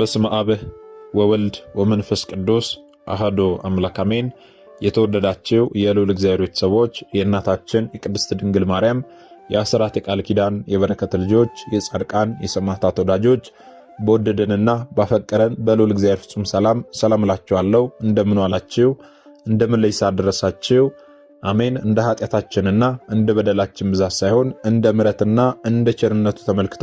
በስመ አብህ ወወልድ ወመንፈስ ቅዱስ አህዶ አምላክ አሜን። የተወደዳችው የልዑል እግዚአብሔር ቤተሰቦች የእናታችን የቅድስት ድንግል ማርያም የአስራት የቃል ኪዳን የበረከት ልጆች የጻድቃን የሰማዕታት ወዳጆች በወደደንና ባፈቀረን በልዑል እግዚአብሔር ፍጹም ሰላም ሰላም እላችኋለሁ። እንደምን ዋላችሁ? እንደምን ለይሳ ደረሳችሁ? አሜን። እንደ ኃጢአታችንና እንደ በደላችን ብዛት ሳይሆን እንደ ምረትና እንደ ቸርነቱ ተመልክቶ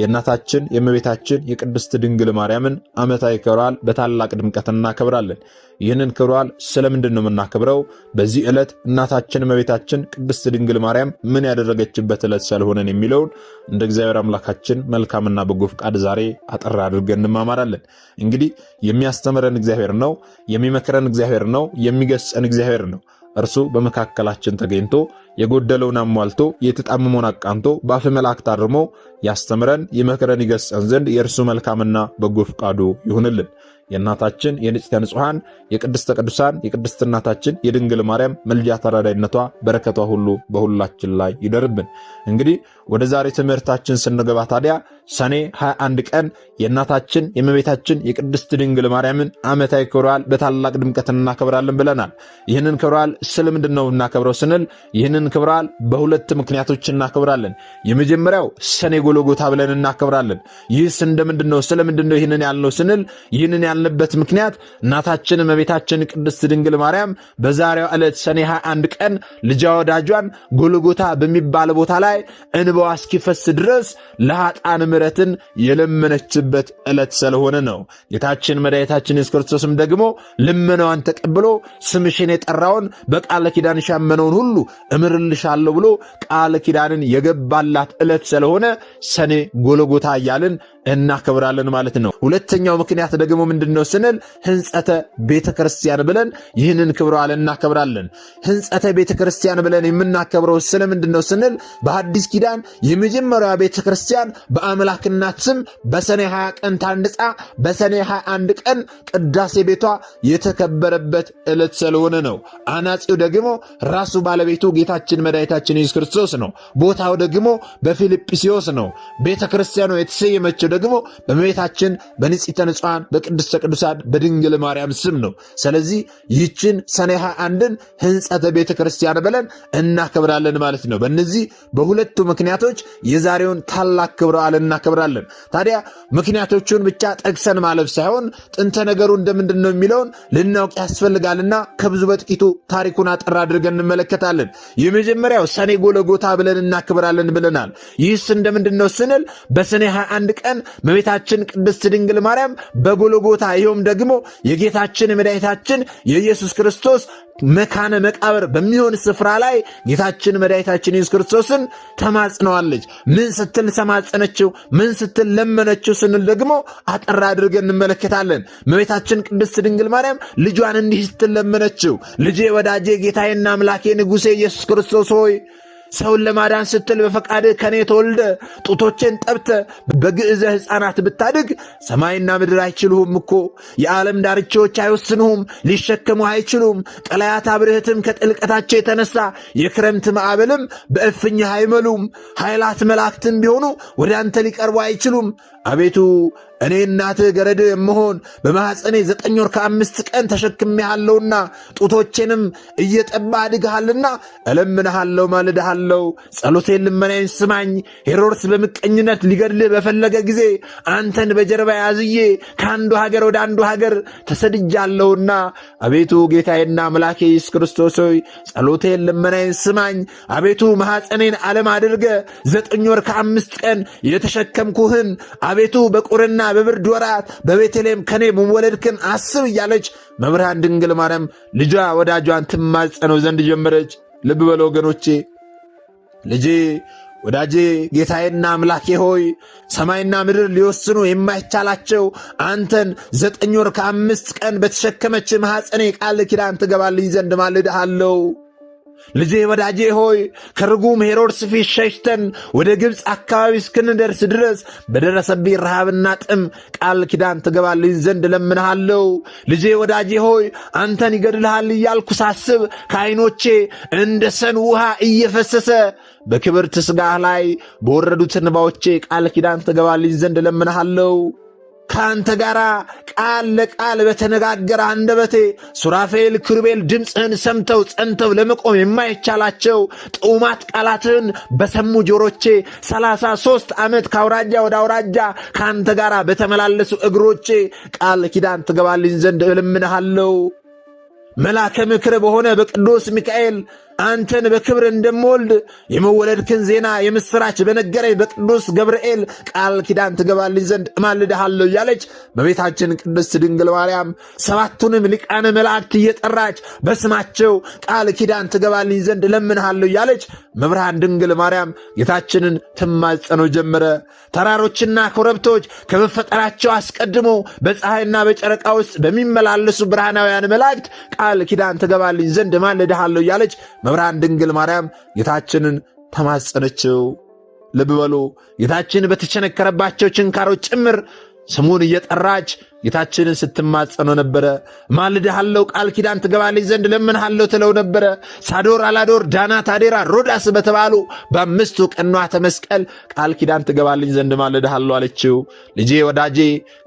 የእናታችን የእመቤታችን የቅድስት ድንግል ማርያምን ዓመታዊ ክብሯል በታላቅ ድምቀት እናከብራለን። ይህንን ክብሯል ስለምንድን ነው የምናከብረው? በዚህ ዕለት እናታችን እመቤታችን ቅድስት ድንግል ማርያም ምን ያደረገችበት ዕለት ስለሆነን የሚለውን እንደ እግዚአብሔር አምላካችን መልካምና በጎ ፍቃድ ዛሬ አጠር አድርገን እንማማራለን። እንግዲህ የሚያስተምረን እግዚአብሔር ነው፣ የሚመክረን እግዚአብሔር ነው፣ የሚገስጸን እግዚአብሔር ነው። እርሱ በመካከላችን ተገኝቶ የጎደለውን አሟልቶ የተጣመመውን አቃንቶ በአፈ መልአክ ታርሞ ያስተምረን ይመክረን ይገስጸን ዘንድ የእርሱ መልካምና በጎ ፍቃዱ ይሁንልን። የእናታችን የንጽሕተ ንጹሐን የቅድስተ ቅዱሳን የቅድስት እናታችን የድንግል ማርያም ምልጃ ተራዳይነቷ በረከቷ ሁሉ በሁላችን ላይ ይደርብን። እንግዲህ ወደ ዛሬ ትምህርታችን ስንገባ ታዲያ ሰኔ 21 ቀን የእናታችን የእመቤታችን የቅድስት ድንግል ማርያምን ዓመታዊ ክብረ በዓል በታላቅ ድምቀት እናከብራለን ብለናል። ይህንን ክብረ በዓል ስለምንድን ነው እናከብረው ስንል ይህንን ክብራል በሁለት ምክንያቶች እናከብራለን። የመጀመሪያው ሰኔ ጎልጎታ ብለን እናከብራለን። ይህስ እንደምንድን ነው? ስለምንድን ነው ይህንን ያልነው ስንል ይህንን ያልንበት ምክንያት እናታችን እመቤታችን ቅድስት ድንግል ማርያም በዛሬው ዕለት ሰኔ 21 ቀን ልጃ ወዳጇን ጎልጎታ በሚባል ቦታ ላይ እንባዋ እስኪፈስ ድረስ ለኃጥአን ምረትን የለመነችበት ዕለት ስለሆነ ነው። ጌታችን መድኃኒታችን ኢየሱስ ክርስቶስም ደግሞ ልመናዋን ተቀብሎ ስምሽን የጠራውን በቃለ ኪዳንሽ ሁሉ አስተምርልሻለሁ ብሎ ቃል ኪዳንን የገባላት ዕለት ስለሆነ ሰኔ ጎለጎታ እያልን እናከብራለን ማለት ነው። ሁለተኛው ምክንያት ደግሞ ምንድን ነው ስንል ህንፀተ ቤተ ክርስቲያን ብለን ይህንን ክብረ በዓል እናከብራለን። ህንፀተ ቤተ ክርስቲያን ብለን የምናከብረው ስለምንድን ነው ስንል በአዲስ ኪዳን የመጀመሪያ ቤተ ክርስቲያን በአምላክናት ስም በሰኔ 20 ቀን ታንጻ በሰኔ 21 ቀን ቅዳሴ ቤቷ የተከበረበት ዕለት ስለሆነ ነው። አናጺው ደግሞ ራሱ ባለቤቱ ጌታችን መድኃኒታችን ኢየሱስ ክርስቶስ ነው። ቦታው ደግሞ በፊልጵስዮስ ነው። ቤተ ክርስቲያኑ የተሰየመችው ደግሞ በመቤታችን በንጽሕተ ንጹሐን በቅድስተ ቅዱሳን በድንግል ማርያም ስም ነው። ስለዚህ ይህችን ሰኔ ሃያ አንድን ሕንጸተ ቤተ ክርስቲያን ብለን እናከብራለን ማለት ነው። በእነዚህ በሁለቱ ምክንያቶች የዛሬውን ታላቅ ክብረ በዓል እናከብራለን። ታዲያ ምክንያቶቹን ብቻ ጠቅሰን ማለፍ ሳይሆን ጥንተ ነገሩ እንደምንድን ነው የሚለውን ልናውቅ ያስፈልጋልና ከብዙ በጥቂቱ ታሪኩን አጠር አድርገን እንመለከታለን። የመጀመሪያው ሰኔ ጎለጎታ ብለን እናክብራለን ብለናል። ይህስ እንደምንድን ነው ስንል በሰኔ 21 ቀን እመቤታችን ቅድስት ድንግል ማርያም በጎልጎታ ይኸውም ደግሞ የጌታችን መድኃኒታችን የኢየሱስ ክርስቶስ መካነ መቃብር በሚሆን ስፍራ ላይ ጌታችን መድኃኒታችን ኢየሱስ ክርስቶስን ተማጽነዋለች። ምን ስትል ተማጸነችው? ምን ስትል ለመነችው? ስንል ደግሞ አጠር አድርገን እንመለከታለን። እመቤታችን ቅድስት ድንግል ማርያም ልጇን እንዲህ ስትል ለመነችው፣ ልጄ ወዳጄ ጌታዬና አምላኬ ንጉሴ ኢየሱስ ክርስቶስ ሆይ ሰውን ለማዳን ስትል በፈቃድህ ከእኔ ተወልደ ጡቶቼን ጠብተ በግዕዘ ሕፃናት ብታድግ ሰማይና ምድር አይችልሁም እኮ የዓለም ዳርቻዎች አይወስንሁም፣ ሊሸከሙ አይችሉም። ቀላያት አብርህትም ከጥልቀታቸው የተነሳ የክረምት ማዕበልም በእፍኝህ አይመሉም። ኃይላት መላእክትም ቢሆኑ ወደ አንተ ሊቀርቡ አይችሉም። አቤቱ እኔ እናትህ ገረድ የምሆን በማኅፀኔ ዘጠኝ ወር ከአምስት ቀን ተሸክሜሃለሁና ጡቶቼንም እየጠባ አድግሃልና እለምንሃለሁ፣ ማልድሃለሁ፣ ጸሎቴን ልመናዬን ስማኝ። ሄሮድስ በምቀኝነት ሊገድልህ በፈለገ ጊዜ አንተን በጀርባ ያዝዬ ከአንዱ ሀገር ወደ አንዱ ሀገር ተሰድጃለሁና አቤቱ ጌታዬና አምላኬ ኢየሱስ ክርስቶስ ሆይ ጸሎቴን ልመናዬን ስማኝ። አቤቱ ማኅፀኔን ዓለም አድርገ ዘጠኝ ወር ከአምስት ቀን የተሸከምኩህን አቤቱ በቁርና በብርድ ወራት በቤተልሔም ከኔ መወለድክን አስብ እያለች መብርሃን ድንግል ማርያም ልጇ ወዳጇን ትማጸነው ዘንድ ጀመረች። ልብ በለ ወገኖቼ፣ ልጄ ወዳጄ ጌታዬና አምላኬ ሆይ ሰማይና ምድር ሊወስኑ የማይቻላቸው አንተን ዘጠኝ ወር ከአምስት ቀን በተሸከመች ማኅፀኔ ቃል ኪዳን ትገባልኝ ዘንድ ማልድሃለው። ልጄ ወዳጄ ሆይ ከርጉም ሄሮድስ ፊት ሸሽተን ወደ ግብፅ አካባቢ እስክንደርስ ድረስ በደረሰብኝ ረሃብና ጥም ቃል ኪዳን ትገባልኝ ዘንድ እለምንሃለሁ። ልጄ ወዳጄ ሆይ አንተን ይገድልሃል እያልኩ ሳስብ ከዓይኖቼ እንደ ሰን ውሃ እየፈሰሰ በክብርት ሥጋህ ላይ በወረዱት እንባዎቼ ቃል ኪዳን ትገባልኝ ዘንድ እለምንሃለሁ። ከአንተ ጋር ቃል ለቃል በተነጋገረ አንደበቴ ሱራፌል ክርቤል ድምፅህን ሰምተው ጸንተው ለመቆም የማይቻላቸው ጥዑማት ቃላትህን በሰሙ ጆሮቼ ሰላሳ ሦስት ዓመት ከአውራጃ ወደ አውራጃ ከአንተ ጋር በተመላለሱ እግሮቼ ቃል ኪዳን ትገባልኝ ዘንድ እለምንሃለሁ። መላከ ምክር በሆነ በቅዱስ ሚካኤል አንተን በክብር እንደምወልድ የመወለድክን ዜና የምስራች በነገረኝ በቅዱስ ገብርኤል ቃል ኪዳን ትገባልኝ ዘንድ እማልድሃለሁ እያለች በቤታችን ቅድስት ድንግል ማርያም ሰባቱንም ሊቃነ መላእክት እየጠራች በስማቸው ቃል ኪዳን ትገባልኝ ዘንድ እለምንሃለሁ እያለች መብርሃን ድንግል ማርያም ጌታችንን ትማጸነው ጀመረ። ተራሮችና ኮረብቶች ከመፈጠራቸው አስቀድሞ በፀሐይና በጨረቃ ውስጥ በሚመላለሱ ብርሃናውያን መላእክት ቃል ኪዳን ትገባልኝ ዘንድ እማልድሃለሁ እያለች መብርሃን ድንግል ማርያም ጌታችንን ተማጸነችው። ልብ በሉ ጌታችን በተቸነከረባቸው ችንካሮች ጭምር ስሙን እየጠራች ጌታችንን ስትማጸነው ነበረ። ማልድሃለው ቃል ኪዳን ትገባልኝ ዘንድ ለምንሃለው ትለው ነበረ። ሳዶር፣ አላዶር፣ ዳና፣ ታዴራ፣ ሮዳስ በተባሉ በአምስቱ ቅንዋተ መስቀል ቃል ኪዳን ትገባልኝ ዘንድ ማልድሃለው አለችው። ልጄ ወዳጄ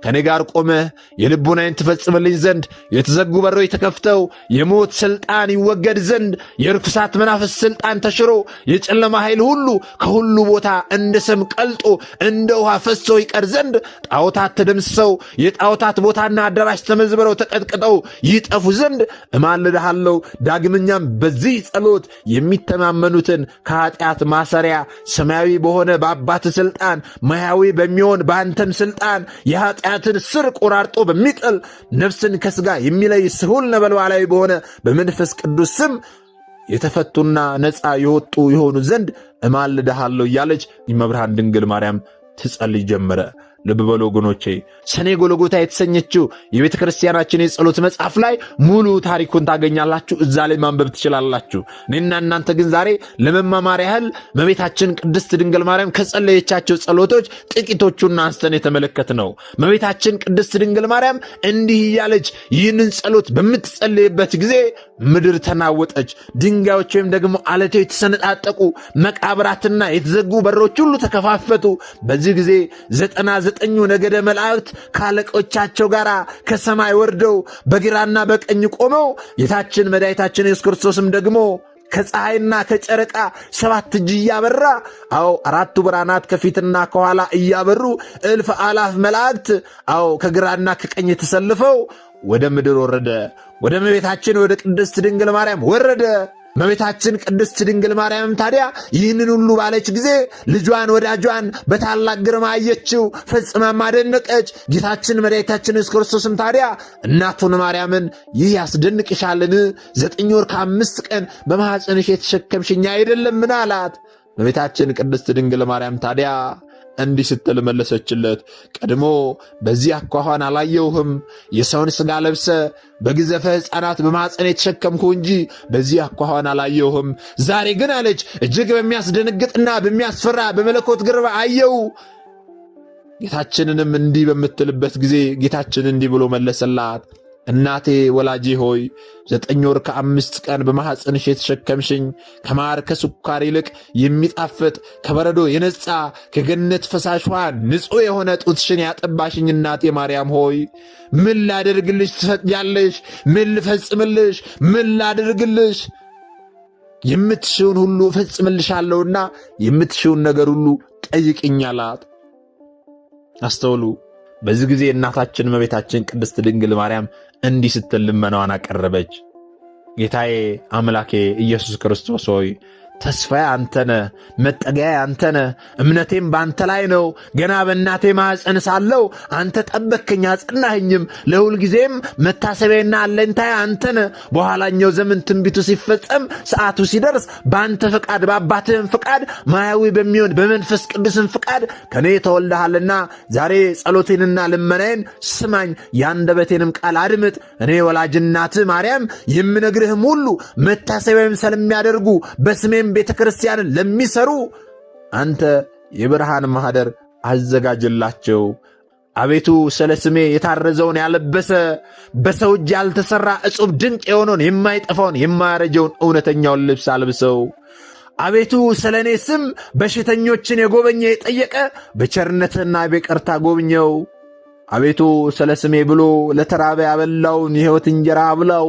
ከኔ ጋር ቆመህ የልቡናይን ትፈጽምልኝ ዘንድ የተዘጉ በሮች ተከፍተው የሞት ስልጣን ይወገድ ዘንድ የርኩሳት መናፍስ ስልጣን ተሽሮ የጨለማ ኃይል ሁሉ ከሁሉ ቦታ እንደ ሰም ቀልጦ እንደ ውሃ ፈሶ ይቀር ዘንድ ጣዖታት ተደምስሰው የጣዖት በጠላታት ቦታና አዳራሽ ተመዝብረው ተቀጥቅጠው ይጠፉ ዘንድ እማልድሃለሁ። ዳግመኛም በዚህ ጸሎት የሚተማመኑትን ከኃጢአት ማሰሪያ ሰማያዊ በሆነ በአባት ስልጣን ማያዊ በሚሆን በአንተም ስልጣን የኃጢአትን ስር ቆራርጦ በሚጥል ነፍስን ከስጋ የሚለይ ስሁል ነበልባላዊ በሆነ በመንፈስ ቅዱስ ስም የተፈቱና ነፃ የወጡ የሆኑ ዘንድ እማልድሃለሁ እያለች እመብርሃን ድንግል ማርያም ትጸልይ ጀመረ። ልብ በሉ ወገኖቼ፣ ሰኔ ጎልጎታ የተሰኘችው የቤተ ክርስቲያናችን የጸሎት መጽሐፍ ላይ ሙሉ ታሪኩን ታገኛላችሁ። እዛ ላይ ማንበብ ትችላላችሁ። እኔና እናንተ ግን ዛሬ ለመማማር ያህል እመቤታችን ቅድስት ድንግል ማርያም ከጸለየቻቸው ጸሎቶች ጥቂቶቹን አንስተን የተመለከት ነው። መቤታችን ቅድስት ድንግል ማርያም እንዲህ እያለች ይህንን ጸሎት በምትጸለይበት ጊዜ ምድር ተናወጠች፣ ድንጋዮች ወይም ደግሞ አለቶች የተሰነጣጠቁ፣ መቃብራትና የተዘጉ በሮች ሁሉ ተከፋፈቱ። በዚህ ጊዜ ዘጠና ዘጠኙ ነገደ መላእክት ካለቆቻቸው ጋር ከሰማይ ወርደው በግራና በቀኝ ቆመው ጌታችን መድኃኒታችን ኢየሱስ ክርስቶስም ደግሞ ከፀሐይና ከጨረቃ ሰባት እጅ እያበራ አዎ አራቱ ብርሃናት ከፊትና ከኋላ እያበሩ እልፍ አላፍ መላእክት አዎ ከግራና ከቀኝ ተሰልፈው ወደ ምድር ወረደ። ወደ እመቤታችን ወደ ቅድስት ድንግል ማርያም ወረደ። እመቤታችን ቅድስት ድንግል ማርያም ታዲያ ይህንን ሁሉ ባለች ጊዜ ልጇን ወዳጇን በታላቅ ግርማ አየችው፣ ፈጽማም አደነቀች። ጌታችን መድኃኒታችን ኢየሱስ ክርስቶስም ታዲያ እናቱን ማርያምን ይህ ያስደንቅሻልን? ዘጠኝ ወር ከአምስት ቀን በማኅፀንሽ የተሸከምሽኛ አይደለምን? አላት። እመቤታችን ቅድስት ድንግል ማርያም ታዲያ እንዲህ ስትል መለሰችለት። ቀድሞ በዚህ አኳኋን አላየውህም። የሰውን ሥጋ ለብሰ በግዘፈ ሕፃናት በማፀን የተሸከምኩ እንጂ በዚህ አኳኋን አላየውህም። ዛሬ ግን አለች፣ እጅግ በሚያስደነግጥና በሚያስፈራ በመለኮት ግርባ አየው። ጌታችንንም እንዲህ በምትልበት ጊዜ ጌታችን እንዲህ ብሎ መለሰላት። እናቴ ወላጄ ሆይ ዘጠኝ ወር ከአምስት ቀን በማሐፀንሽ የተሸከምሽኝ ከማር ከስኳር ይልቅ የሚጣፍጥ ከበረዶ የነጻ ከገነት ፈሳሽ ውሃን ንጹሕ የሆነ ጡትሽን ያጠባሽኝ እናቴ ማርያም ሆይ ምን ላደርግልሽ ትፈቅጃለሽ? ምን ልፈጽምልሽ? ምን ላደርግልሽ? የምትሽውን ሁሉ እፈጽምልሻለሁና የምትሽውን ነገር ሁሉ ጠይቅኝ አላት። አስተውሉ። በዚህ ጊዜ እናታችን እመቤታችን ቅድስት ድንግል ማርያም እንዲህ ስትል ልመናዋን አቀረበች። ጌታዬ አምላኬ ኢየሱስ ክርስቶስ ሆይ ተስፋዬ አንተነ መጠጊያ አንተነ እምነቴም በአንተ ላይ ነው። ገና በእናቴ ማኅፀን ሳለው አንተ ጠበከኝ አጸናኸኝም። ለሁልጊዜም መታሰቢያና አለኝታዬ አንተነ። በኋላኛው ዘመን ትንቢቱ ሲፈጸም ሰዓቱ ሲደርስ በአንተ ፍቃድ፣ በአባትህም ፍቃድ፣ ማያዊ በሚሆን በመንፈስ ቅዱስን ፍቃድ ከእኔ ተወልደሃልና ዛሬ ጸሎቴንና ልመናዬን ስማኝ፣ የአንደበቴንም ቃል አድምጥ። እኔ ወላጅናት ማርያም የምነግርህም ሁሉ መታሰቢያም ስለሚያደርጉ በስሜም ቤተ ክርስቲያንን ለሚሰሩ አንተ የብርሃን ማኅደር አዘጋጅላቸው። አቤቱ ስለ ስሜ የታረዘውን ያለበሰ በሰው እጅ ያልተሠራ እጹብ ድንቅ የሆነውን የማይጠፋውን የማያረጀውን እውነተኛውን ልብስ አልብሰው። አቤቱ ስለ እኔ ስም በሽተኞችን የጎበኘ የጠየቀ በቸርነትና በይቅርታ ጎብኘው። አቤቱ ስለ ስሜ ብሎ ለተራበ ያበላውን የሕይወት እንጀራ አብላው።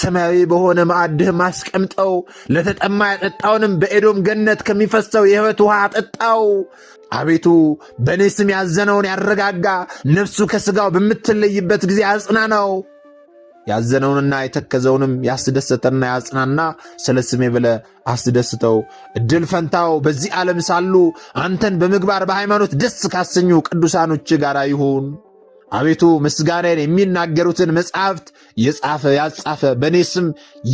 ሰማያዊ በሆነ ማዕድህም አስቀምጠው። ለተጠማ ያጠጣውንም በኤዶም ገነት ከሚፈሰው የሕይወት ውሃ አጠጣው። አቤቱ በእኔ ስም ያዘነውን ያረጋጋ፣ ነፍሱ ከሥጋው በምትለይበት ጊዜ አጽናናው። ያዘነውንና የተከዘውንም ያስደሰተና ያጽናና ስለ ስሜ ብለ አስደስተው። እድል ፈንታው በዚህ ዓለም ሳሉ አንተን በምግባር በሃይማኖት ደስ ካሰኙ ቅዱሳኖች ጋር ይሁን። አቤቱ ምስጋናን የሚናገሩትን መጻሕፍት የጻፈ ያጻፈ በእኔ ስም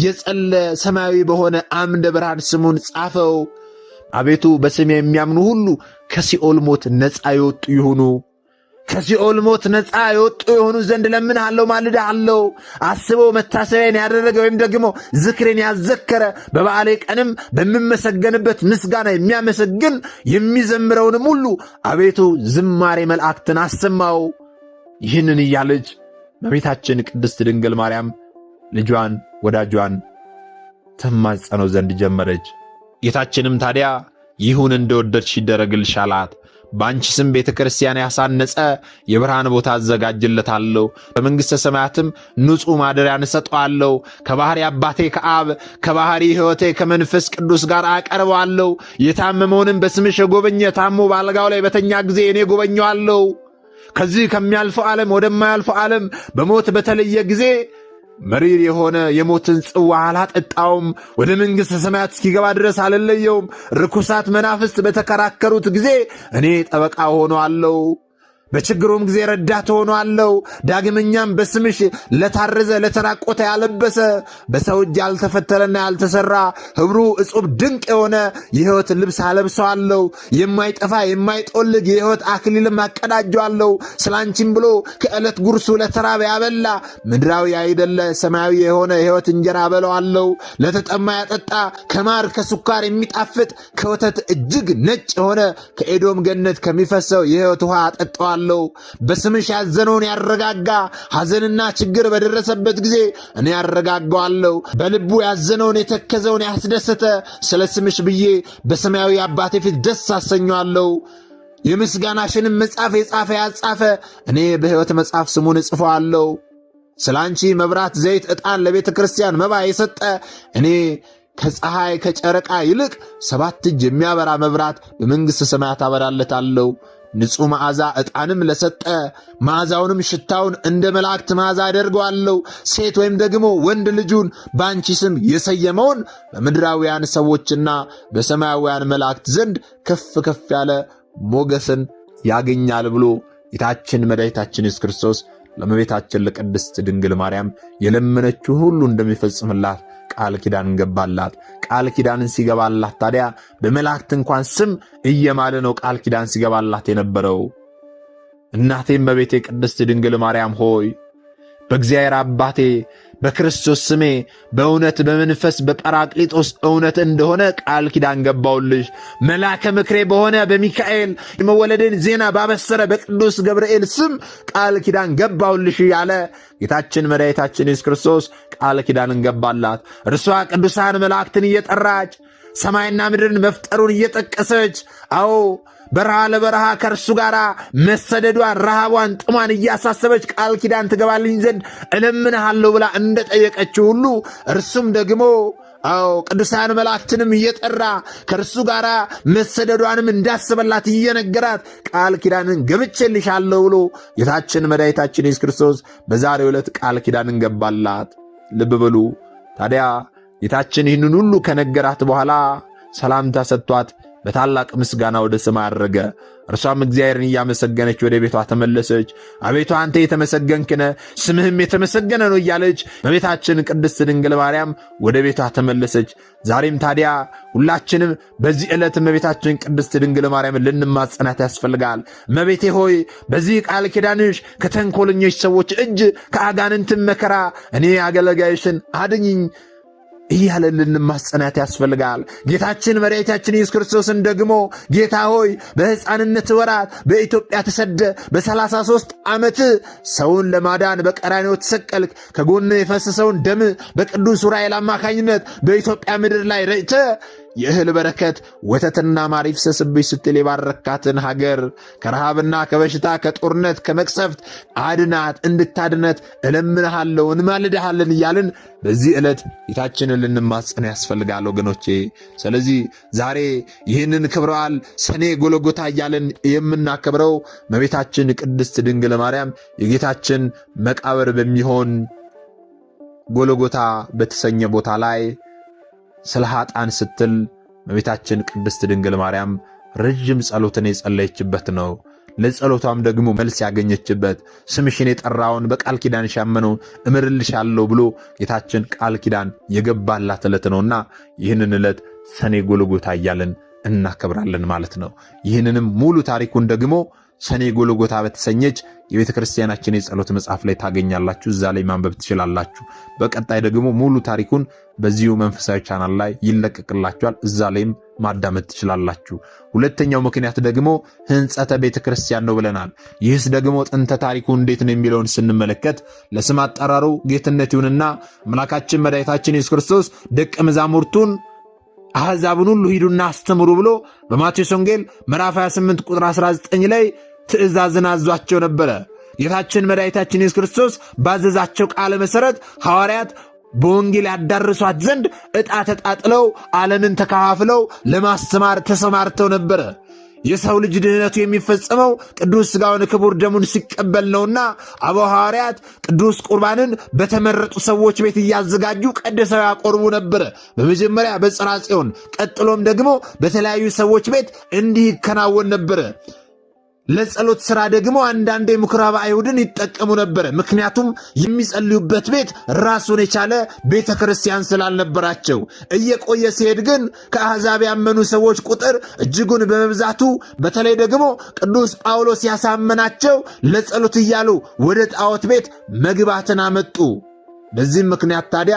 የጸለ ሰማያዊ በሆነ አምደ ብርሃን ስሙን ጻፈው። አቤቱ በስሜ የሚያምኑ ሁሉ ከሲኦል ሞት ነፃ የወጡ ይሁኑ። ከሲኦል ሞት ነፃ የወጡ የሆኑ ዘንድ ለምንሃለው፣ ማልድሃለው። አስበው መታሰቢያን ያደረገ ወይም ደግሞ ዝክሬን ያዘከረ በበዓሌ ቀንም በምመሰገንበት ምስጋና የሚያመሰግን የሚዘምረውንም ሁሉ አቤቱ ዝማሬ መላእክትን አሰማው። ይህንን እያለች እመቤታችን ቅድስት ድንግል ማርያም ልጇን ወዳጇን ትማጸነው ዘንድ ጀመረች። ጌታችንም ታዲያ ይሁን እንደወደድሽ ይደረግልሽ አላት። በአንቺ ስም ቤተ ክርስቲያን ያሳነጸ የብርሃን ቦታ አዘጋጅለታለሁ፣ በመንግሥተ ሰማያትም ንጹሕ ማደሪያን እሰጠዋለሁ፣ ከባሕሪ አባቴ ከአብ ከባሕሪ ሕይወቴ ከመንፈስ ቅዱስ ጋር አቀርበዋለሁ። የታመመውንም በስምሽ የጎበኘ ታሞ በአልጋው ላይ በተኛ ጊዜ እኔ ጎበኘዋለሁ ከዚህ ከሚያልፈው ዓለም ወደማያልፈው ዓለም በሞት በተለየ ጊዜ መሪር የሆነ የሞትን ጽዋ አላጠጣውም፣ ወደ መንግሥተ ሰማያት እስኪገባ ድረስ አልለየውም። ርኩሳት መናፍስት በተከራከሩት ጊዜ እኔ ጠበቃ ሆኖ አለው። በችግሩም ጊዜ ረዳት አለው ዳግመኛም በስምሽ ለታረዘ ለተራቆተ ያለበሰ በሰው እጅ ያልተፈተለና ያልተሰራ ኅብሩ እጹብ ድንቅ የሆነ የሕይወት ልብስ አለብሰዋለሁ። የማይጠፋ የማይጦልግ የሕይወት አክሊልም አቀዳጀዋለሁ። ስላንቺም ብሎ ከዕለት ጉርሱ ለተራበ ያበላ ምድራዊ አይደለ ሰማያዊ የሆነ የሕይወት እንጀራ በለዋለው። ለተጠማ ያጠጣ ከማር ከስኳር የሚጣፍጥ ከወተት እጅግ ነጭ የሆነ ከኤዶም ገነት ከሚፈሰው የሕይወት ውሃ አጠጠዋል። አለው። በስምሽ ያዘነውን ያረጋጋ ሐዘንና ችግር በደረሰበት ጊዜ እኔ ያረጋጋዋለሁ። በልቡ ያዘነውን የተከዘውን ያስደሰተ ስለ ስምሽ ብዬ በሰማያዊ አባቴ ፊት ደስ አሰኘዋለሁ። የምስጋናሽንም መጽሐፍ የጻፈ ያጻፈ እኔ በሕይወት መጽሐፍ ስሙን እጽፈዋለሁ። ስለ አንቺ መብራት፣ ዘይት፣ ዕጣን ለቤተ ክርስቲያን መባ የሰጠ እኔ ከፀሐይ ከጨረቃ ይልቅ ሰባት እጅ የሚያበራ መብራት በመንግሥተ ሰማያት አበራለታለሁ። ንጹሕ መዓዛ ዕጣንም ለሰጠ መዓዛውንም ሽታውን እንደ መላእክት መዓዛ አደርገዋለሁ። ሴት ወይም ደግሞ ወንድ ልጁን በአንቺ ስም የሰየመውን በምድራውያን ሰዎችና በሰማያውያን መላእክት ዘንድ ከፍ ከፍ ያለ ሞገስን ያገኛል ብሎ ጌታችን መድኃኒታችን ኢየሱስ ክርስቶስ ለመቤታችን ለቅድስት ድንግል ማርያም የለመነችው ሁሉ እንደሚፈጽምላት ቃል ኪዳን ገባላት። ቃል ኪዳንን ሲገባላት ታዲያ በመላእክት እንኳን ስም እየማለ ነው ቃል ኪዳን ሲገባላት የነበረው። እናቴም በቤቴ ቅድስት ድንግል ማርያም ሆይ በእግዚአብሔር አባቴ በክርስቶስ ስሜ በእውነት በመንፈስ በጳራቅሊጦስ እውነት እንደሆነ ቃል ኪዳን ገባውልሽ። መላከ ምክሬ በሆነ በሚካኤል የመወለድን ዜና ባበሰረ በቅዱስ ገብርኤል ስም ቃል ኪዳን ገባውልሽ እያለ ጌታችን መድኃኒታችን ኢየሱስ ክርስቶስ ቃል ኪዳን እንገባላት። እርሷ ቅዱሳን መላእክትን እየጠራች ሰማይና ምድርን መፍጠሩን እየጠቀሰች አዎ በረሃ ለበረሃ ከእርሱ ጋር መሰደዷን ረሃቧን ጥሟን እያሳሰበች ቃል ኪዳን ትገባልኝ ዘንድ እለምንሃለሁ ብላ እንደጠየቀችው ሁሉ እርሱም ደግሞ አዎ ቅዱሳን መላእክትንም እየጠራ ከእርሱ ጋር መሰደዷንም እንዳስበላት እየነገራት ቃል ኪዳንን ገብቼልሻለሁ ብሎ ጌታችን መድኃኒታችን ኢየሱስ ክርስቶስ በዛሬው ዕለት ቃል ኪዳንን ገባላት። ልብ በሉ ታዲያ ጌታችን ይህንን ሁሉ ከነገራት በኋላ ሰላምታ ሰጥቷት በታላቅ ምስጋና ወደ ስም አድረገ እርሷም እግዚአብሔርን እያመሰገነች ወደ ቤቷ ተመለሰች። አቤቱ አንተ የተመሰገንክነ ስምህም የተመሰገነ ነው እያለች በቤታችን ቅድስት ድንግል ማርያም ወደ ቤቷ ተመለሰች። ዛሬም ታዲያ ሁላችንም በዚህ ዕለት እመቤታችን ቅድስት ድንግል ማርያምን ልንማጸናት ያስፈልጋል። እመቤቴ ሆይ በዚህ ቃል ኪዳንሽ ከተንኮለኞች ሰዎች እጅ ከአጋንንትን መከራ እኔ አገልጋይሽን አድኝኝ እያለን ልንማጸናት ያስፈልጋል። ጌታችን መድኃኒታችን ኢየሱስ ክርስቶስን ደግሞ ጌታ ሆይ በሕፃንነት ወራት በኢትዮጵያ ተሰደ በ33 ዓመት ሰውን ለማዳን በቀራንዮ ተሰቀልክ። ከጎን የፈሰሰውን ደም በቅዱስ ዑራኤል አማካኝነት በኢትዮጵያ ምድር ላይ ረጭተ የእህል በረከት ወተትና ማር ይፍሰስብሽ ስትል የባረካትን ሀገር ከረሃብና ከበሽታ ከጦርነት ከመቅሰፍት አድናት እንድታድነት እለምንሃለው እንማልድሃለን እያልን በዚህ ዕለት ጌታችንን ልንማጸን ያስፈልጋል ወገኖቼ። ስለዚህ ዛሬ ይህንን ክብረ በዓል ሰኔ ጎለጎታ እያለን የምናከብረው መቤታችን ቅድስት ድንግል ማርያም የጌታችን መቃብር በሚሆን ጎለጎታ በተሰኘ ቦታ ላይ ስለ ኃጣን ስትል መቤታችን ቅድስት ድንግል ማርያም ረዥም ጸሎትን የጸለየችበት ነው። ለጸሎቷም ደግሞ መልስ ያገኘችበት ስምሽን የጠራውን በቃል ኪዳን ሻመነውን እምርልሻለሁ ብሎ ጌታችን ቃል ኪዳን የገባላት ዕለት ነውና ይህንን ዕለት ሰኔ ጎልጎታ እያልን እናከብራለን ማለት ነው። ይህንንም ሙሉ ታሪኩን ደግሞ ሰኔ ጎልጎታ በተሰኘች የቤተ ክርስቲያናችን የጸሎት መጽሐፍ ላይ ታገኛላችሁ። እዛ ላይ ማንበብ ትችላላችሁ። በቀጣይ ደግሞ ሙሉ ታሪኩን በዚሁ መንፈሳዊ ቻናል ላይ ይለቀቅላችኋል። እዛ ላይም ማዳመጥ ትችላላችሁ። ሁለተኛው ምክንያት ደግሞ ሕንጸተ ቤተ ክርስቲያን ነው ብለናል። ይህስ ደግሞ ጥንተ ታሪኩ እንዴት ነው የሚለውን ስንመለከት ለስም አጠራሩ ጌትነት ይሁንና አምላካችን መድኃኒታችን ኢየሱስ ክርስቶስ ደቀ መዛሙርቱን አሕዛብን ሁሉ ሂዱና አስተምሩ ብሎ በማቴዎስ ወንጌል ምዕራፍ 28 ቁጥር 19 ላይ ትእዛዝን አዟቸው ነበረ። ጌታችን መድኃኒታችን ኢየሱስ ክርስቶስ ባዘዛቸው ቃለ መሠረት ሐዋርያት በወንጌል ያዳርሷት ዘንድ ዕጣ ተጣጥለው ዓለምን ተከፋፍለው ለማስተማር ተሰማርተው ነበረ። የሰው ልጅ ድህነቱ የሚፈጸመው ቅዱስ ሥጋውን ክቡር ደሙን ሲቀበል ነውና አበው ሐዋርያት ቅዱስ ቁርባንን በተመረጡ ሰዎች ቤት እያዘጋጁ ቀድሰው ያቆርቡ ነበረ። በመጀመሪያ በጽርሐ ጽዮን፣ ቀጥሎም ደግሞ በተለያዩ ሰዎች ቤት እንዲህ ይከናወን ነበረ። ለጸሎት ሥራ ደግሞ አንዳንዴ ምኩራብ አይሁድን ይጠቀሙ ነበረ። ምክንያቱም የሚጸልዩበት ቤት ራሱን የቻለ ቤተ ክርስቲያን ስላልነበራቸው፣ እየቆየ ሲሄድ ግን ከአሕዛብ ያመኑ ሰዎች ቁጥር እጅጉን በመብዛቱ በተለይ ደግሞ ቅዱስ ጳውሎስ ያሳመናቸው ለጸሎት እያሉ ወደ ጣዖት ቤት መግባትን አመጡ። በዚህም ምክንያት ታዲያ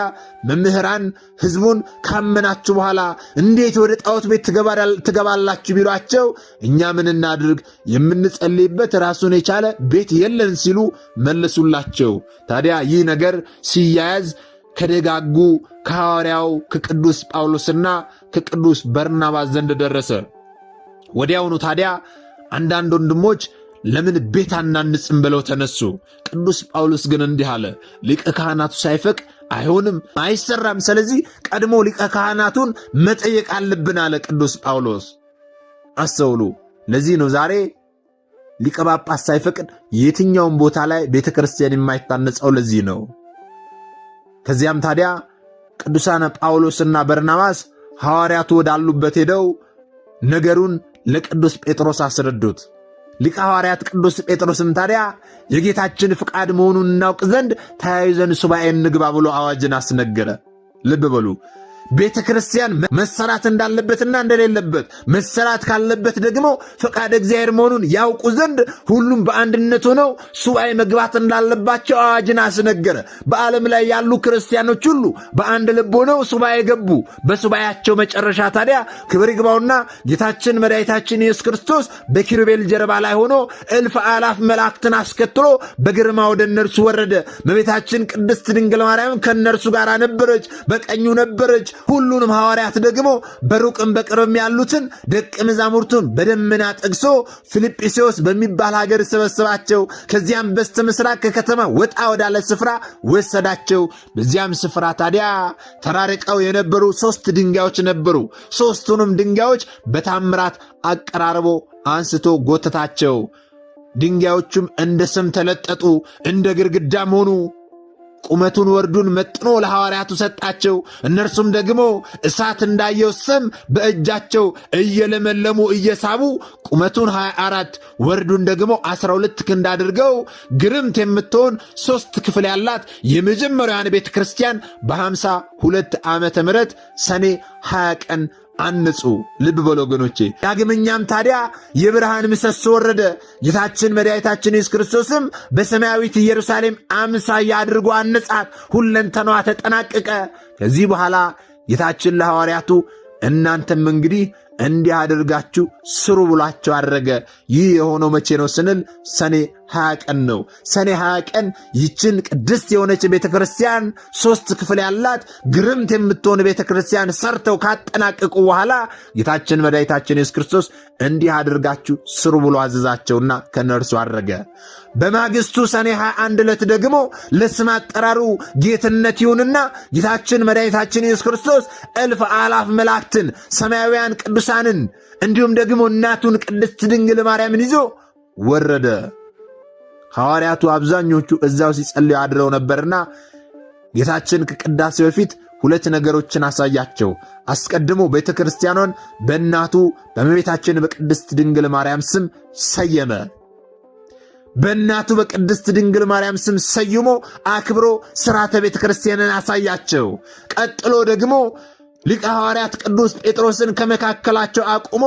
መምህራን ሕዝቡን ካመናችሁ በኋላ እንዴት ወደ ጣዖት ቤት ትገባላችሁ ቢሏቸው እኛ ምን እናድርግ የምንጸልይበት ራሱን የቻለ ቤት የለን ሲሉ መለሱላቸው። ታዲያ ይህ ነገር ሲያያዝ ከደጋጉ ከሐዋርያው ከቅዱስ ጳውሎስና ከቅዱስ በርናባስ ዘንድ ደረሰ። ወዲያውኑ ታዲያ አንዳንድ ወንድሞች ለምን ቤት አናንጽም ብለው ተነሱ። ቅዱስ ጳውሎስ ግን እንዲህ አለ፣ ሊቀ ካህናቱ ሳይፈቅ አይሆንም፣ አይሰራም። ስለዚህ ቀድሞ ሊቀ ካህናቱን መጠየቅ አለብን አለ ቅዱስ ጳውሎስ። አስተውሉ። ለዚህ ነው ዛሬ ሊቀ ጳጳስ ሳይፈቅድ የትኛውን ቦታ ላይ ቤተ ክርስቲያን የማይታነጸው ለዚህ ነው። ከዚያም ታዲያ ቅዱሳነ ጳውሎስና በርናባስ ሐዋርያቱ ወዳሉበት ሄደው ነገሩን ለቅዱስ ጴጥሮስ አስረዱት። ሊቀ ሐዋርያት ቅዱስ ጴጥሮስም ታዲያ የጌታችን ፍቃድ መሆኑን እናውቅ ዘንድ ተያይዘን ሱባኤ እንግባ ብሎ አዋጅን አስነገረ። ልብ በሉ ቤተ ክርስቲያን መሰራት እንዳለበትና እንደሌለበት መሰራት ካለበት ደግሞ ፈቃድ እግዚአብሔር መሆኑን ያውቁ ዘንድ ሁሉም በአንድነት ሆነው ሱባኤ መግባት እንዳለባቸው አዋጅን አስነገረ። በዓለም ላይ ያሉ ክርስቲያኖች ሁሉ በአንድ ልብ ሆነው ሱባኤ ገቡ። በሱባኤያቸው መጨረሻ ታዲያ ክብር ይግባውና ጌታችን መድኃኒታችን ኢየሱስ ክርስቶስ በኪሩቤል ጀርባ ላይ ሆኖ እልፍ አላፍ መላእክትን አስከትሎ በግርማ ወደ እነርሱ ወረደ። መቤታችን ቅድስት ድንግል ማርያም ከእነርሱ ጋር ነበረች፣ በቀኙ ነበረች። ሁሉንም ሐዋርያት ደግሞ በሩቅም በቅርብም ያሉትን ደቀ መዛሙርቱን በደመና ጠቅሶ ፊልጵስዎስ በሚባል ሀገር ሰበሰባቸው። ከዚያም በስተ ምስራቅ ከከተማ ወጣ ወዳለ ስፍራ ወሰዳቸው። በዚያም ስፍራ ታዲያ ተራርቀው የነበሩ ሶስት ድንጋዮች ነበሩ። ሶስቱንም ድንጋዮች በታምራት አቀራርቦ አንስቶ ጎተታቸው። ድንጋዮቹም እንደ ሰም ተለጠጡ፣ እንደ ግርግዳም ሆኑ። ቁመቱን ወርዱን መጥኖ ለሐዋርያቱ ሰጣቸው። እነርሱም ደግሞ እሳት እንዳየው ሰም በእጃቸው እየለመለሙ እየሳቡ ቁመቱን 24 ወርዱን ደግሞ 12 ክንድ አድርገው ግርምት የምትሆን ሦስት ክፍል ያላት የመጀመሪያዋን ቤተ ክርስቲያን በ52 ዓመተ ምሕረት ሰኔ 20 ቀን አንጹ። ልብ በሉ ወገኖቼ። ዳግመኛም ታዲያ የብርሃን ምሰሶ ወረደ። ጌታችን መድኃኒታችን ኢየሱስ ክርስቶስም በሰማያዊት ኢየሩሳሌም አምሳያ አድርጎ አነጻት። ሁለንተናዋ ተጠናቀቀ። ከዚህ በኋላ ጌታችን ለሐዋርያቱ እናንተም እንግዲህ እንዲህ አድርጋችሁ ስሩ ብሏቸው አድረገ። ይህ የሆነው መቼ ነው ስንል ሰኔ ሀያ ቀን ነው። ሰኔ ሀያ ቀን ይችን ቅድስት የሆነች ቤተ ክርስቲያን ሶስት ክፍል ያላት ግርምት የምትሆን ቤተ ክርስቲያን ሰርተው ካጠናቀቁ በኋላ ጌታችን መድኃኒታችን ኢየሱስ ክርስቶስ እንዲህ አድርጋችሁ ስሩ ብሎ አዘዛቸውና ከነርሱ አድረገ። በማግስቱ ሰኔ 21 ዕለት ደግሞ ለስም አጠራሩ ጌትነት ይሁንና ጌታችን መድኃኒታችን ኢየሱስ ክርስቶስ እልፍ አላፍ መላእክትን፣ ሰማያውያን ቅዱሳንን እንዲሁም ደግሞ እናቱን ቅድስት ድንግል ማርያምን ይዞ ወረደ። ሐዋርያቱ አብዛኞቹ እዛው ሲጸልዩ አድረው ነበርና ጌታችን ከቅዳሴ በፊት ሁለት ነገሮችን አሳያቸው። አስቀድሞ ቤተ ክርስቲያኗን በእናቱ በእመቤታችን በቅድስት ድንግል ማርያም ስም ሰየመ። በእናቱ በቅድስት ድንግል ማርያም ስም ሰይሞ አክብሮ ሥርዓተ ቤተ ክርስቲያንን አሳያቸው። ቀጥሎ ደግሞ ሊቀ ሐዋርያት ቅዱስ ጴጥሮስን ከመካከላቸው አቁሞ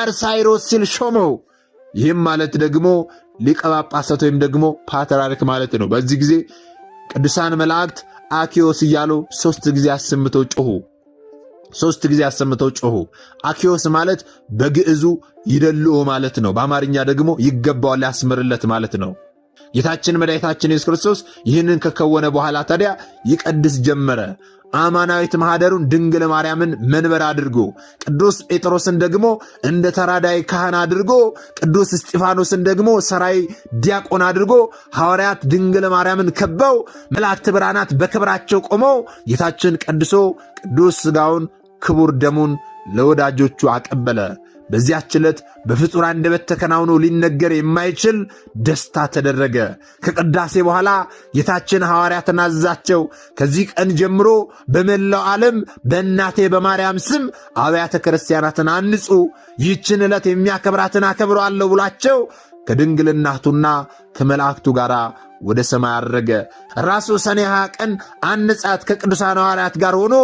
አርሳይሮስ ሲል ሾመው። ይህም ማለት ደግሞ ሊቀ ጳጳሳት ወይም ደግሞ ፓትርያርክ ማለት ነው። በዚህ ጊዜ ቅዱሳን መላእክት አኪዮስ እያሉ ሶስት ጊዜ አሰምተው ጮኹ። ሶስት ጊዜ አሰምተው ጮኹ። አኪዮስ ማለት በግዕዙ ይደልዑ ማለት ነው። በአማርኛ ደግሞ ይገባዋል፣ ያስምርለት ማለት ነው። ጌታችን መድኃኒታችን ኢየሱስ ክርስቶስ ይህንን ከከወነ በኋላ ታዲያ ይቀድስ ጀመረ። አማናዊት ማኅደሩን ድንግል ማርያምን መንበር አድርጎ ቅዱስ ጴጥሮስን ደግሞ እንደ ተራዳይ ካህን አድርጎ ቅዱስ እስጢፋኖስን ደግሞ ሰራይ ዲያቆን አድርጎ ሐዋርያት ድንግል ማርያምን ከበው መላእክት ብርሃናት በክብራቸው ቆመው ጌታችን ቀድሶ ቅዱስ ሥጋውን ክቡር ደሙን ለወዳጆቹ አቀበለ። በዚያች ዕለት በፍጡር አንደበት ተከናውኖ ሊነገር የማይችል ደስታ ተደረገ። ከቅዳሴ በኋላ ጌታችን ሐዋርያትን አዘዛቸው፣ ከዚህ ቀን ጀምሮ በመላው ዓለም በእናቴ በማርያም ስም አብያተ ክርስቲያናትን አንጹ፣ ይህችን ዕለት የሚያከብራትን አከብረዋለሁ ብሏቸው ከድንግል እናቱና ከመላእክቱ ጋር ወደ ሰማይ አረገ። ራሱ ሰኔ ሀያ ቀን አንድ ሰዓት ከቅዱሳን ሐዋርያት ጋር ሆኖ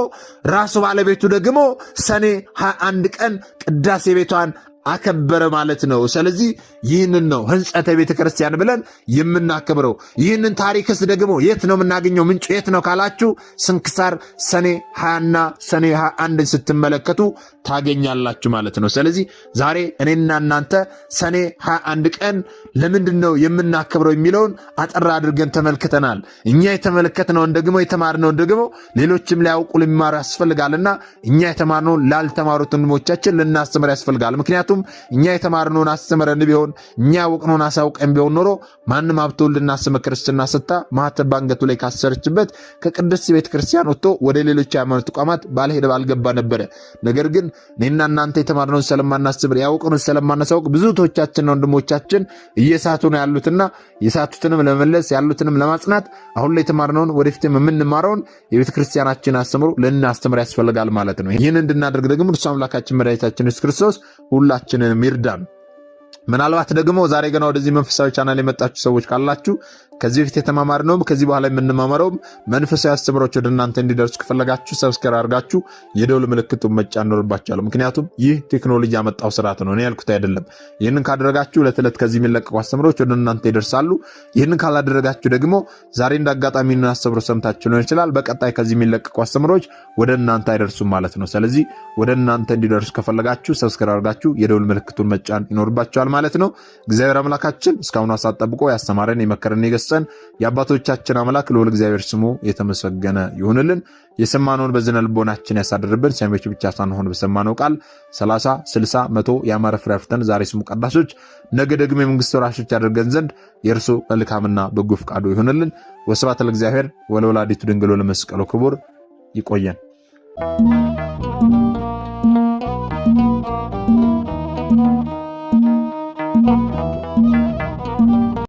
ራሱ ባለቤቱ ደግሞ ሰኔ ሀያ አንድ ቀን ቅዳሴ ቤቷን አከበረ ማለት ነው። ስለዚህ ይህንን ነው ሕንጸተ ቤተ ክርስቲያን ብለን የምናከብረው። ይህንን ታሪክስ ደግሞ የት ነው የምናገኘው? ምንጩ የት ነው ካላችሁ ስንክሳር ሰኔ ሀያና ሰኔ ሀያ አንድን ስትመለከቱ ታገኛላችሁ ማለት ነው። ስለዚህ ዛሬ እኔና እናንተ ሰኔ ሀያ አንድ ቀን ለምንድን ነው የምናከብረው የሚለውን አጠር አድርገን ተመልክተናል። እኛ የተመለከትነውን ደግሞ የተማርነውን ደግሞ ሌሎችም ሊያውቁ ሊማሩ ያስፈልጋልና እኛ የተማርነውን ላልተማሩት ወንድሞቻችን ልናስተምር ያስፈልጋል ምክንያቱም ምክንያቱም እኛ የተማርነውን አስተምረን ቢሆን እኛ ያወቅነውን አሳውቀን ቢሆን ኖሮ ማንም ሀብተውን ልናስመ ክርስትና ስታ ማተብ አንገቱ ላይ ካሰረችበት ከቅድስት ቤተ ክርስቲያን ወጥቶ ወደ ሌሎች ሃይማኖት ተቋማት ባልሄደ ባልገባ ነበረ። ነገር ግን እኔና እናንተ የተማርነውን ስለማናስተምር ያወቅነውን ስለማናሳውቅ ብዙ እህቶቻችንና ወንድሞቻችን እየሳቱ ነው ያሉትና የሳቱትንም ለመመለስ ያሉትንም ለማጽናት አሁን ላይ የተማርነውን ወደፊትም የምንማረውን የቤተ ክርስቲያናችን አስተምሮ ልናስተምር ያስፈልጋል ማለት ነው። ይህን እንድናደርግ ደግሞ እርሱ አምላካችን መድኃኒታችን ኢየሱስ ክርስቶስ ሁላ ሁላችንንም ይርዳን። ምናልባት ደግሞ ዛሬ ገና ወደዚህ መንፈሳዊ ቻናል የመጣችሁ ሰዎች ካላችሁ ከዚህ በፊት የተማማርነውም ከዚህ በኋላ የምንማማረውም መንፈሳዊ አስተምሮች ወደ እናንተ እንዲደርሱ ከፈለጋችሁ ሰብስክራይብ አድርጋችሁ የደውል ምልክቱን መጫ ይኖርባችኋል። ምክንያቱም ይህ ቴክኖሎጂ ያመጣው ስርዓት ነው፣ እኔ ያልኩት አይደለም። ይህንን ካደረጋችሁ ዕለት ዕለት ከዚህ የሚለቀቁ አስተምሮች ወደ እናንተ ይደርሳሉ። ይህንን ካላደረጋችሁ ደግሞ ዛሬ እንደ አጋጣሚ አስተምሮ ሰምታችሁ ሊሆን ይችላል፣ በቀጣይ ከዚህ የሚለቀቁ አስተምሮች ወደ እናንተ አይደርሱም ማለት ነው። ስለዚህ ወደ እናንተ እንዲደርሱ ከፈለጋችሁ ሰብስክራይብ አድርጋችሁ የደውል ምልክቱን መጫን ይኖርባቸዋል ማለት ነው። እግዚአብሔር አምላካችን እስካሁኑ አሳት ጠብቆ ያስተማረን የመከረን የገሰ ገሰጸን። የአባቶቻችን አምላክ ልዑል እግዚአብሔር ስሙ የተመሰገነ ይሁንልን። የሰማነውን በዝነ ልቦናችን ያሳድርብን። ሰሚዎች ብቻ ሳንሆን በሰማነው ቃል 30፣ 60፣ መቶ የአማረ ፍሬ አፍርተን ዛሬ ስሙ ቀዳሾች፣ ነገ ደግሞ የመንግስት ወራሾች ያደርገን ዘንድ የእርሱ መልካምና በጎ ፍቃዱ ይሁንልን። ወስብሐት ለእግዚአብሔር ወለወላዲቱ ድንግል ወለመስቀሉ ክቡር። ይቆየን። Thank